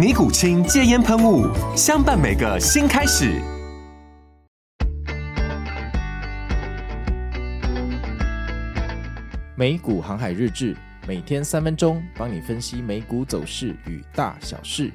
尼古清戒煙噴霧，相伴每個新開始。美股航海日誌，每天三分鐘，幫你分析美股走勢與大小事。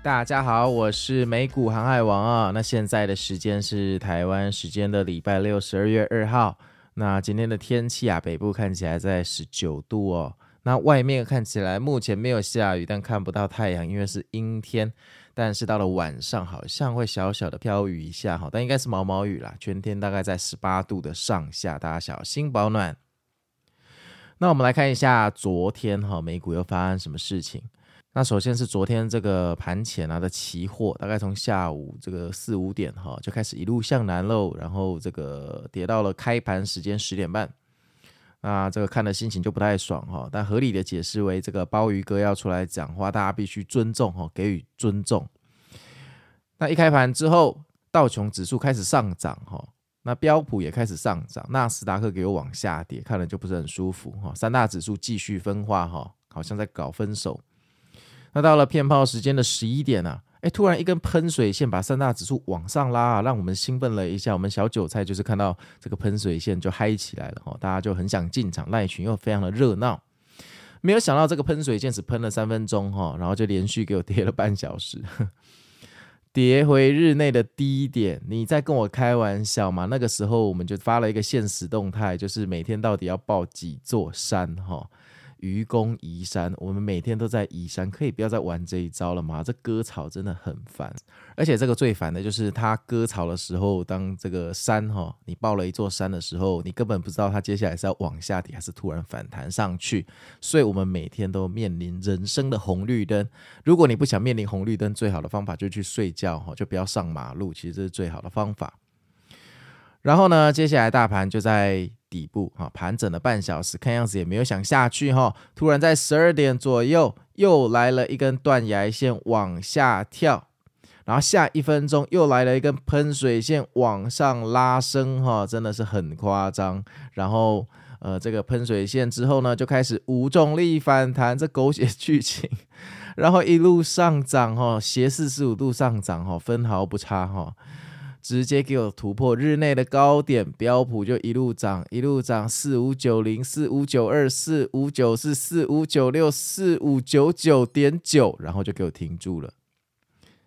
大家好，我是美股航海王啊、哦。那現在的時間是台灣時間的禮拜六，十二月二號。那今天的天氣啊，北部看起來在十九度哦。那外面看起來目前沒有下雨，但看不到太陽，因為是陰天。但是到了晚上，好像會小小的飄雨一下哈，但應該是毛毛雨啦。全天大概在十八度的上下，大家小心保暖。那我們來看一下昨天哈，美股又發生什麼事情。那首先是昨天這個盤前啊的期貨，大概從下午這個四五點哈就開始一路向南嘍，然後這個跌到了開盤時間十點半。那、啊、這個看的心情就不太爽哈，但合理的解釋為這個鮑魚哥要出來講話，大家必須尊重哈，給予尊重。那一開盤之後，道瓊指數開始上漲哈，那標普也開始上漲，納斯達克給我往下跌，看了就不是很舒服哈。三大指數繼續分化哈，好像在搞分手。那到了騙炮時間的十一點啊。誒突然一根噴水線把三大指數往上拉，讓我們興奮了一下。我們小韭菜就是看到這個噴水線就嗨起來了哈，大家就很想進場賴群，又非常的熱鬧。沒有想到這個噴水線只噴了三分鐘哈，然後就連續給我跌了半小時呵呵，跌回日內的低點。你在跟我開玩笑嗎？那個時候我們就發了一個限時動態，就是每天到底要報幾座山哈。愚公移山，我們每天都在移山，可以不要再玩這一招了嗎？這割草真的很煩，而且這個最煩的就是他割草的時候，當這個山哈，你抱了一座山的時候，你根本不知道他接下來是要往下跌，還是突然反彈上去。所以我們每天都面臨人生的紅綠燈。如果你不想面臨紅綠燈，最好的方法就是去睡覺哈，就不要上馬路，其實這是最好的方法。然後呢，接下來大盤就在底部哈盤整了半小時，看樣子也沒有想下去哈。突然在十二點左右，又來了一根斷崖線往下跳，然後下一分鐘又來了一根噴水線往上拉升哈，真的是很誇張。然後呃，這個噴水線之後呢，就開始無重力反彈，這狗血劇情。然後一路上漲哈，斜四十五度上漲哈，分毫不差哈。直接給我突破日內的高點，標普就一路漲，一路漲，四五九零、四五九二、四五九四、四五九六、四五九九點九，然後就給我停住了，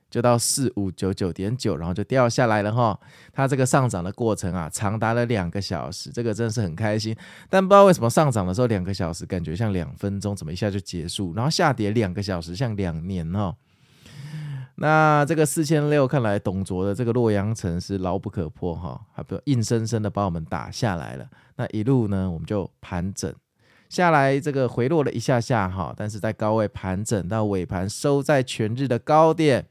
就到四五九九點九，然後就掉下來了哈。它這個上漲的過程啊，長達了兩個小時，這個真是很開心。但不知道為什麼上漲的時候兩個小時感覺像兩分鐘，怎麼一下就結束？然後下跌兩個小時像兩年哦。那這個四千六，看來董卓的這個洛陽城是牢不可破哈，還不硬生生的把我們打下來了。那一路呢，我們就盤整下來，這個回落了一下下哈、哦，但是在高位盤整到尾盤收在全日的高點。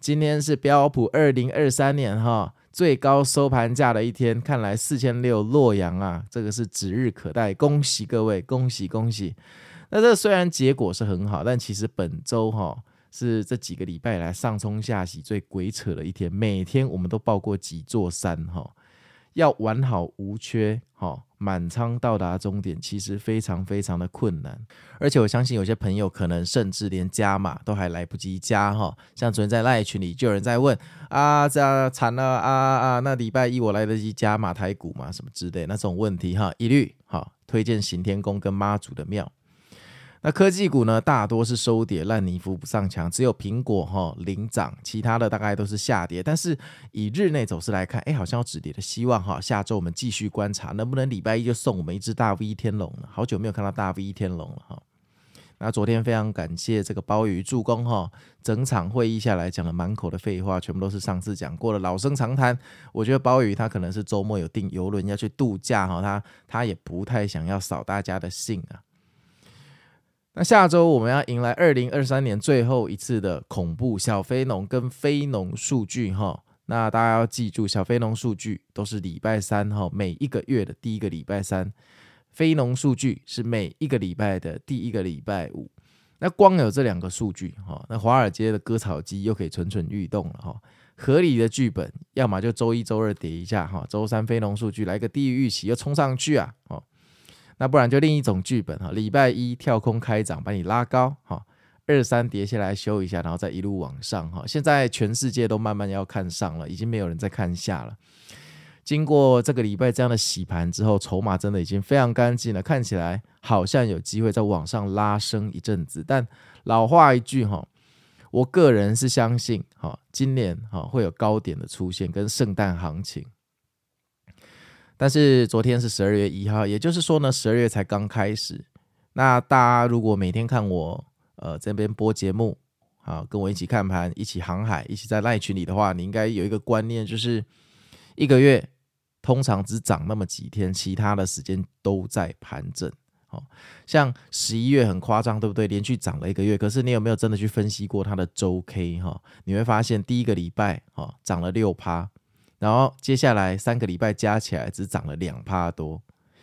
今天是標普二零二三年哈、哦、最高收盤價的一天，看來四千六洛陽啊，這個是指日可待，恭喜各位，恭喜恭喜。那這雖然結果是很好，但其實本周哈、哦。是這幾個禮拜以來上沖下洗最鬼扯的一天，每天我們都報過幾座山哈、哦，要完好無缺，哈、哦，滿倉到達終點其實非常非常的困難，而且我相信有些朋友可能甚至連加碼都還來不及加哈、哦，像昨天在賴群裡就有人在問啊，這慘了啊啊，那禮拜一我來得及加碼，台股嗎？什麼之類的那種問題哈，一律哈、哦，推薦行天宮跟媽祖的廟。那科技股呢，大多是收跌，爛泥扶不上牆，只有蘋果哈、哦、領漲，其他的大概都是下跌。但是以日內走勢來看，哎，好像有止跌的希望哈。下周我們繼續觀察，能不能禮拜一就送我們一只大 V 天龍呢？好久沒有看到大 V 天龍了哈。那昨天非常感謝這個鮑魚助攻哈，整場會議下來講了滿口的廢話，全部都是上次講過的老生常談。我覺得鮑魚他可能是周末有訂郵輪要去度假哈，他他也不太想要掃大家的興啊。那下週我們要迎來二零二三年最後一次的恐怖小非農跟非農數據哈，那大家要記住，小非農數據都是禮拜三哈，每一個月的第一個禮拜三，非農數據是每一個禮拜的第一個禮拜五。那光有這兩個數據哈，那華爾街的割草機又可以蠢蠢欲動了哈。合理的劇本，要麼就週一週二跌一下哈，週三非農數據來個低於預期，又衝上去啊，那不然就另一種劇本哈，禮拜一跳空開漲把你拉高哈，二三跌下來修一下，然後再一路往上哈。現在全世界都慢慢要看上了，已經沒有人再看下了。經過這個禮拜這樣的洗盤之後，籌碼真的已經非常乾淨了，看起來好像有機會再往上拉升一陣子。但老話一句哈，我個人是相信哈，今年哈會有高點的出現跟聖誕行情。但是昨天是十二月一號，也就是說呢，十二月才剛開始。那大家如果每天看我呃這邊播節目啊，跟我一起看盤，一起航海，一起在賴群裡的話，你應該有一個觀念，就是一個月通常只漲那麼幾天，其他的時間都在盤整。哦，像十一月很誇張，對不對？連續漲了一個月，可是你有沒有真的去分析過它的周 K？哈、哦，你會發現第一個禮拜哦，漲了六趴。然後接下來三個禮拜加起來只漲了兩趴多，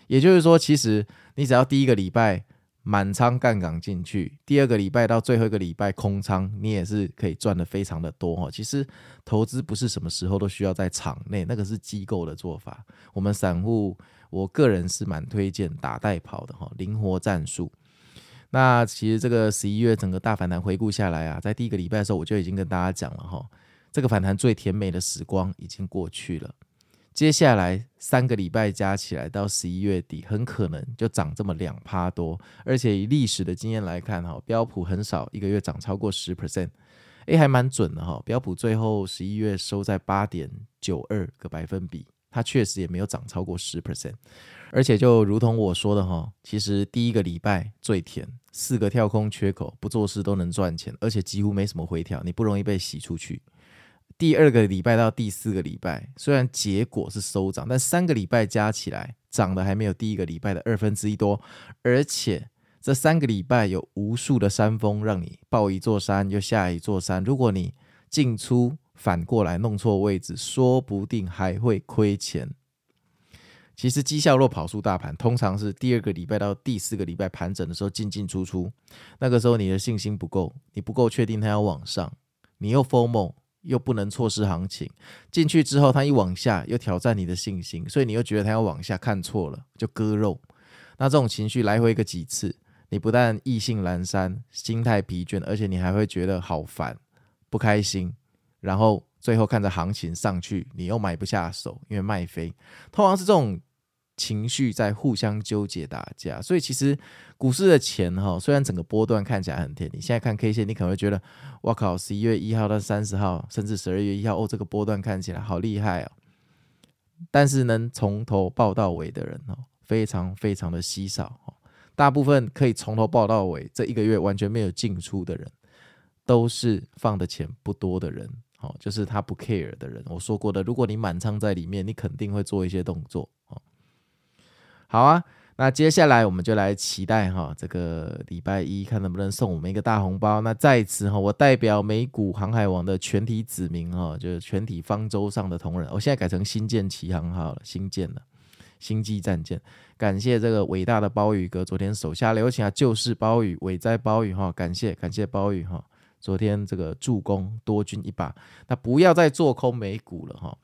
也就是說，其實你只要第一個禮拜滿倉槓桿進去，第二個禮拜到最後一個禮拜空倉，你也是可以賺得非常的多哈。其實投資不是什麼時候都需要在場內，那個是機構的做法。我們散戶，我個人是蠻推薦打帶跑的哈，靈活戰術。那其實這個十一月整個大反彈回顧下來啊，在第一個禮拜的時候我就已經跟大家講了哈。這個反彈最甜美的時光已經過去了，接下來三個禮拜加起來到十一月底，很可能就漲這麼兩趴多。而且以歷史的經驗來看，哈，標普很少一個月漲超過十 percent，哎，還蠻準的哈。標普最後十一月收在八點九二個百分比，它確實也沒有漲超過十 percent。而且就如同我說的哈，其實第一個禮拜最甜，四個跳空缺口不做事都能賺錢，而且幾乎沒什麼回調，你不容易被洗出去。第二個禮拜到第四個禮拜，雖然結果是收漲，但三個禮拜加起來漲的還沒有第一個禮拜的二分之一多。而且這三個禮拜有無數的山峰，讓你抱一座山又下一座山。如果你進出反過來弄錯位置，說不定還會虧錢。其實績效若跑輸大盤，通常是第二個禮拜到第四個禮拜盤整的時候進進出出，那個時候你的信心不夠，你不夠確定它要往上，你又 FOMO 又不能錯失行情，進去之後，它一往下，又挑戰你的信心，所以你又覺得它要往下，看錯了就割肉。那這種情緒來回個幾次，你不但意興闌珊、心態疲倦，而且你還會覺得好煩、不開心。然後最後看着行情上去，你又買不下手，因為賣飛，通常是這種。情緒在互相糾結打架，所以其實股市的錢哈，雖然整個波段看起來很甜。你現在看 K 線，你可能會覺得，哇靠，十一月一號到三十號，甚至十二月一號，哦，這個波段看起來好厲害哦。但是能從頭抱到尾的人哦，非常非常的稀少哦。大部分可以從頭抱到尾，這一個月完全沒有進出的人，都是放的錢不多的人，哦。就是他不 care 的人。我說過的，如果你滿倉在裡面，你肯定會做一些動作。好啊，那接下來我們就來期待哈，這個禮拜一看能不能送我們一個大紅包。那在此哈，我代表美股航海王的全體子民哈，就是全體方舟上的同仁，我、哦、現在改成星艦啟航好了，星艦了，星際戰艦。感謝這個偉大的鮑魚哥，昨天手下留情啊，救世鮑魚，偉哉鮑魚哈，感謝感謝鮑魚哈，昨天這個助攻多軍一把，那不要再做空美股了哈，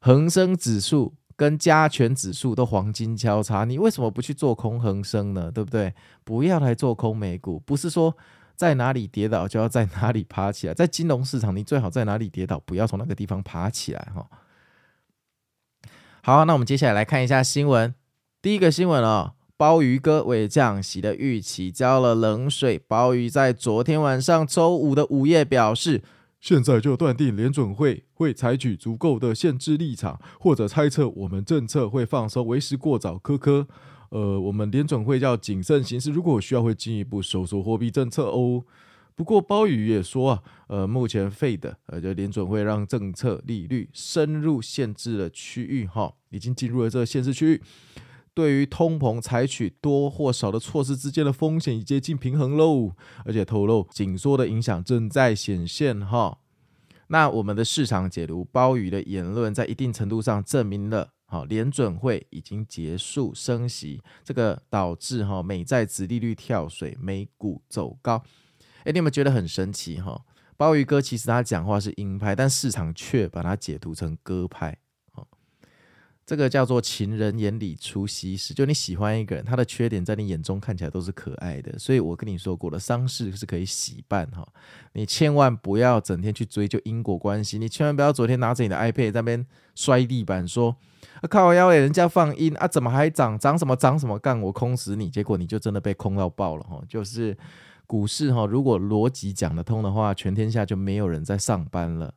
恆生指數。跟加權指數都黃金交叉，你為什麼不去做空恆生呢？對不對？不要來做空美股，不是說在哪裡跌倒就要在哪裡爬起來，在金融市場，你最好在哪裡跌倒，不要從那個地方爬起來哈。好，那我們接下來來看一下新聞。第一個新聞啊、哦，鮑魚哥為降息的預期澆了冷水。鮑魚在昨天晚上周五的午夜表示。現在就斷定聯準會會採取足夠的限制立場，或者猜測我們政策會放鬆，為時過早。科科，呃，我們聯準會要謹慎行事，如果需要會進一步收縮貨幣政策哦。不過鮑魚也說啊，呃，目前 Fed 呃，就聯準會讓政策利率深入限制的區域哈，已經進入了這個限制區域。對於通膨採取多或少的措施之間的風險已接近平衡嘍，而且透露緊縮的影響正在顯現哈、哦。那我們的市場解讀鮑魚的言論在一定程度上證明了哈、哦，聯準會已經結束升息，這個導致哈、哦、美債殖利率跳水，美股走高。哎，你們有沒有覺得很神奇哈、哦？鮑魚哥其實他講話是鷹派，但市場卻把它解讀成鴿派。這個叫做情人眼裡出西施，就你喜歡一個人，他的缺點在你眼中看起來都是可愛的。所以我跟你說過了，的喪事是可以喜辦哈，你千萬不要整天去追究因果關係，你千萬不要昨天拿着你的 iPad 在那邊摔地板說，說、啊、靠腰哎、欸，人家放音啊，怎麼還漲，漲什麼，漲什麼，幹我空死你，結果你就真的被空到爆了哈、哦。就是股市哈、哦，如果邏輯講得通的話，全天下就沒有人在上班了。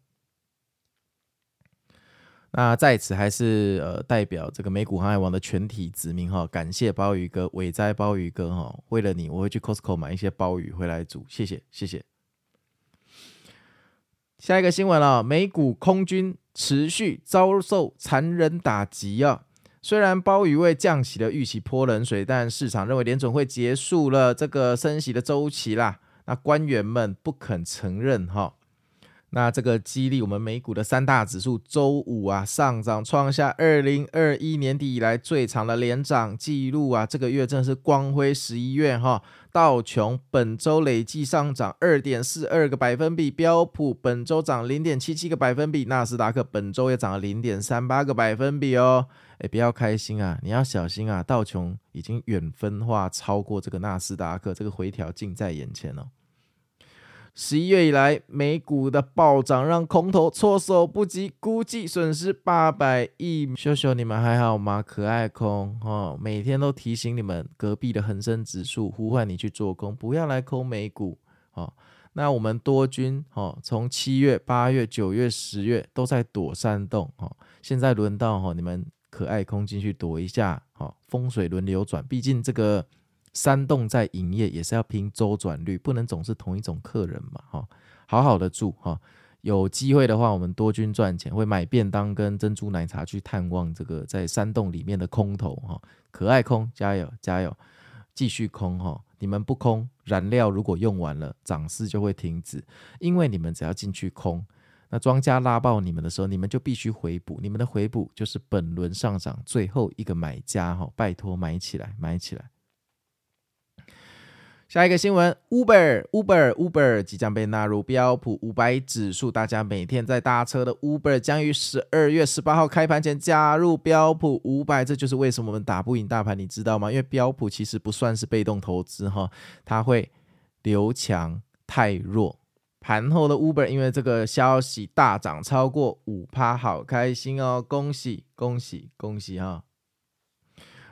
那在此還是呃代表這個美股航海王的全體子民哈、哦，感謝鮑魚哥，偉哉鮑魚哥哈、哦，為了你我會去 Costco 買一些鮑魚回來煮，謝謝謝謝。下一個新聞了、哦，美股空軍持續遭受殘忍打擊啊、哦！雖然鮑魚為降息的預期潑冷水，但市場認為聯準會結束了這個升息的週期啦。那官員們不肯承認哈、哦。那這個激勵我們美股的三大指數週五啊上漲，創下二零二一年底以來最長的連漲記錄啊！這個月真的是光輝十一月哈、哦！道瓊本週累計上漲二點四二個百分比，標普本週漲零點七七個百分比，納斯達克本週也漲了零點三八個百分比哦！哎，不要開心啊，你要小心啊！道瓊已經遠分化超過這個納斯達克，這個回調近在眼前哦。十一月以來，美股的暴漲讓空頭措手不及，估計損失八百億。秀秀，你們還好嗎？可愛空，哈、哦，每天都提醒你們，隔壁的恆生指數呼喚你去做空，不要來空美股，哈、哦。那我們多軍，哈、哦，從七月、八月、九月、十月都在躲山洞，哈、哦。現在輪到哈、哦、你們可愛空進去躲一下，哈、哦。風水輪流轉，畢竟這個。山洞在營業也是要拼周轉率，不能總是同一種客人嘛，哈，好好的住哈。有機會的話我們多軍賺錢會買便當跟珍珠奶茶去探望這個在山洞裡面的空頭哈，可愛空加油加油，繼續空哈，你們不空燃料如果用完了，漲勢就會停止，因為你們只要進去空，那莊家拉爆你們的時候，你們就必須回補，你們的回補就是本輪上漲最後一個買家哈，拜托買起來買起來。下一個新聞，Uber，Uber，Uber Uber, Uber 即將被納入標普五百指數。大家每天在搭車的 Uber 將於十二月十八號開盤前加入標普五百。這就是為什麼我們打不贏大盤，你知道嗎？因為標普其實不算是被動投資哈，它會留強汰弱。盤後的 Uber 因為這個消息大漲超過五%，好開心哦，恭喜恭喜恭喜哈！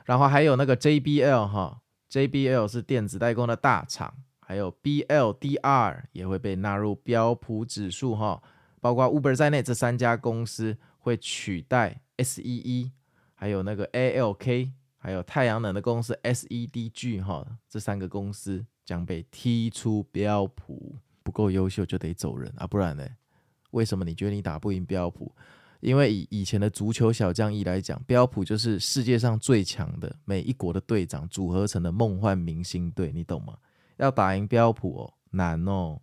然後還有那個 JBL 哈。JBL 是電子代工的大廠，還有 BLDR 也會被納入標普指數哈，包括 Uber 在內，這三家公司會取代 SEE，還有那個 ALK，還有太陽能的公司 SEDG 哈，這三個公司將被踢出標普，不夠優秀就得走人啊，不然呢？為什麼你覺得你打不贏標普？因為以以前的足球小將一來講，標普就是世界上最強的每一國的隊長組合成的夢幻明星隊，你懂嗎？要打贏標普哦，難哦。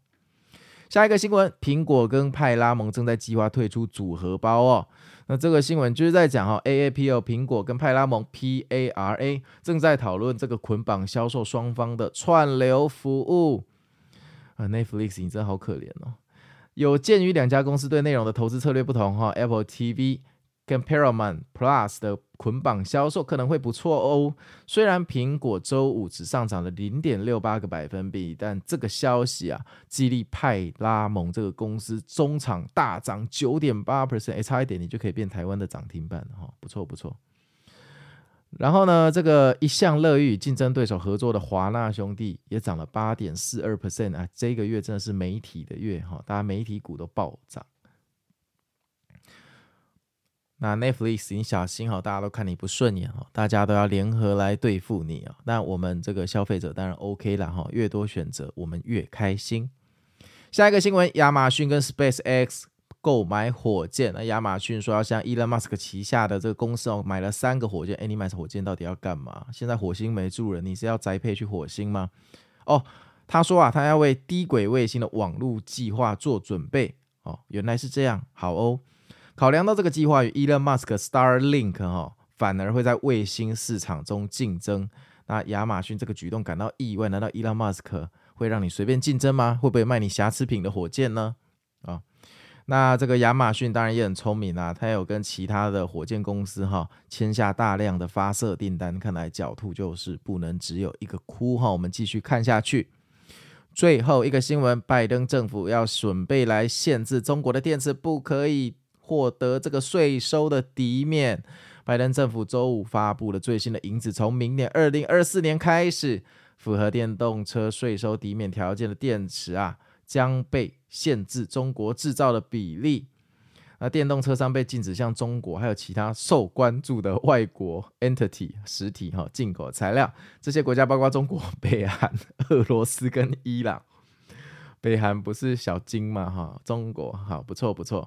下一個新聞，蘋果跟派拉蒙正在計劃推出組合包哦。那這個新聞就是在講哈，A A P L 蘋果跟派拉蒙 P A R A 正在討論這個捆綁銷售雙方的串流服務啊，Netflix 你真好可憐哦。有鑑於兩家公司對內容的投資策略不同哈，Apple TV 跟 Paramount Plus 的捆綁銷售可能會不錯哦。雖然蘋果周五只上漲了零點六八個百分比，但這個消息啊，激勵派拉蒙這個公司中場大漲九點八 percent，誒，差一點你就可以變台灣的漲停板了哈，不錯不錯。然後呢，這個一向樂於與競爭對手合作的華納兄弟也漲了八點四二 percent 啊！這個月真的是媒體的月哈，大家媒體股都暴漲。那 Netflix，你小心哈，大家都看你不順眼哦，大家都要聯合來對付你啊！但我們這個消費者當然 OK 了哈，越多選擇我們越開心。下一個新聞，亞馬遜跟 SpaceX。購買火箭，那亞馬遜說要向伊隆馬斯克旗下的這個公司哦買了三個火箭，哎，你買這火箭到底要幹嘛？現在火星沒住人，你是要宅配去火星嗎？哦，他說啊，他要為低軌衛星的網絡計劃做準備哦，原來是這樣，好哦。考量到這個計劃與伊隆馬斯克 Starlink 哈、哦、反而會在衛星市場中競爭，那亞馬遜這個舉動感到意外，難道伊隆馬斯克會讓你隨便競爭嗎？會不會賣你瑕疵品的火箭呢？那這個亞馬遜當然也很聰明啊，他有跟其他的火箭公司哈、哦、簽下大量的發射訂單。看來狡兔就是不能只有一個窟哈、哦。我們繼續看下去。最後一個新聞，拜登政府要準備來限制中國的電池，不可以獲得這個稅收的抵免。拜登政府週五發布了最新的指引，從明年二零二四年開始，符合電動車稅收抵免條件的電池啊。將被限制中國製造的比例。那電動車商被禁止向中國還有其他受關注的外國 entity 實體哈、哦、進口材料。這些國家包括中國、北韓、俄羅斯跟伊朗。北韓不是小金嗎？哈，中國好，不錯不錯。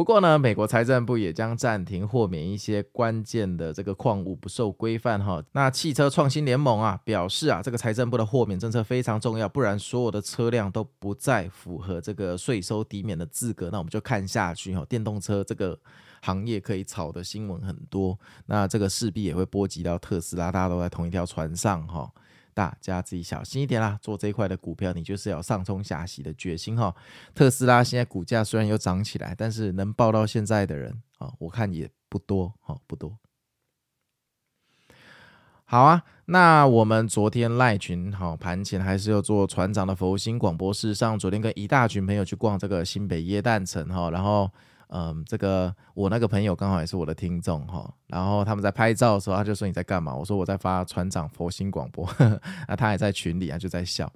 不過呢，美國財政部也將暫停豁免一些關鍵的這個礦物不受規範哈、哦。那汽車創新聯盟啊表示啊，這個財政部的豁免政策非常重要，不然所有的車輛都不再符合這個稅收抵免的資格。那我們就看下去哈、哦，電動車這個行業可以炒的新聞很多，那這個勢必也會波及到特斯拉，大家都在同一條船上哈、哦。大家自己小心一點啦！做這塊的股票，你就是要上衝下洗的決心哈。特斯拉現在股價雖然又漲起來，但是能抱到現在的人啊，我看也不多，不多。好啊，那我們昨天賴群哈盤前還是要做船長的佛心廣播室，上昨天跟一大群朋友去逛這個新北耶誕城哈，然後。嗯，這個我那個朋友剛好也是我的聽眾哈，然後他們在拍照的時候，他就說你在幹嘛？我說我在發船長佛心廣播，那他也在群裡啊就在笑。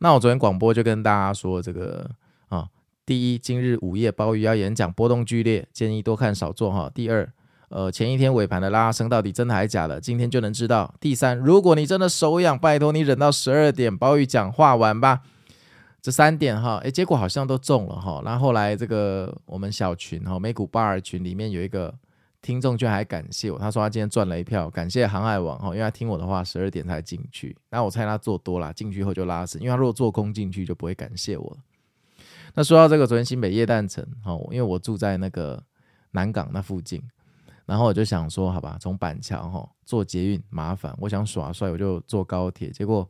那我昨天廣播就跟大家說這個啊，第一，今日午夜鮑魚要演講，波動劇烈，建議多看少做哈。第二，呃，前一天尾盤的拉升到底真的還是假的？今天就能知道。第三，如果你真的手癢，拜託你忍到十二點，鮑魚講話完吧。這三點哈，哎，結果好像都中了哈。那後來這個我們小群哈，美股 Bar 群裡面有一個聽眾居然還感謝我，他說他今天賺了一票，感謝航海王哈，因為他聽我的話，十二點才進去。那我猜他做多了，進去後就拉死，因為他如果做空進去就不會感謝我了。那說到這個，昨天新北耶誕城哈，因為我住在那個南港那附近，然後我就想說，好吧，從板橋哈坐捷運麻煩，我想耍帥，我就坐高鐵，結果，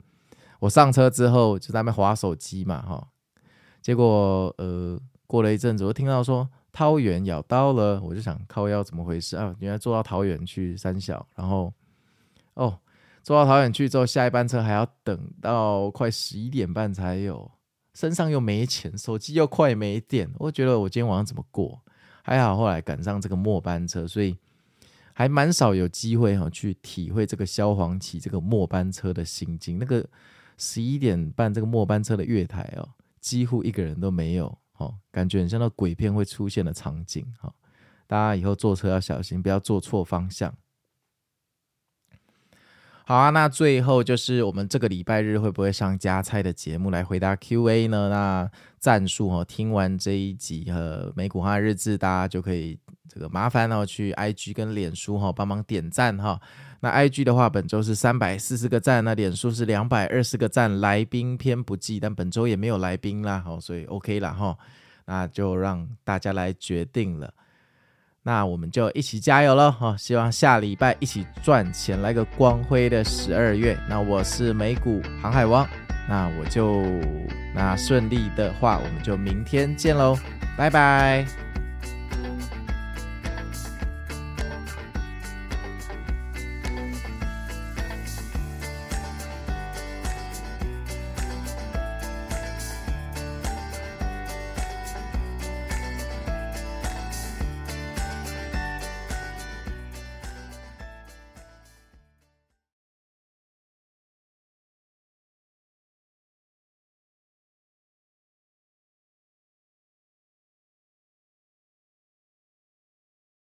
我上車之後就在那邊滑手機嘛，哈，結果呃過了一陣子，我聽到說桃園要到了，我就想靠腰怎麼回事啊？原來坐到桃園去三小，然後哦坐到桃園去之後，下一班車還要等到快十一點半才有，身上又沒錢，手機又快沒電，我覺得我今天晚上怎麼過？還好後來趕上這個末班車，所以還蠻少有機會哈去體會這個蕭煌奇這個末班車的心境，那個。十一點半這個末班車的月台哦，幾乎一個人都沒有哦，感覺很像那鬼片會出現的場景哦，大家以後坐車要小心，不要坐錯方向。好啊，那最後就是我們這個禮拜日會不會上加菜的節目來回答 Q&A 呢？那戰術哦，聽完這一集和美股航海日誌，大家就可以這個麻煩哦去 IG 跟臉書哈哦，幫忙點讚哈哦。那 I G 的話，本周是三百四十個讚，那臉書是兩百二十個讚，來賓偏不計，但本周也沒有來賓啦，好，所以 OK 了哈，那就讓大家來決定了，那我們就一起加油嘍哈，希望下禮拜一起賺錢，來個光輝的十二月。那我是美股航海王，那我就那順利的話，我們就明天見嘍，拜拜。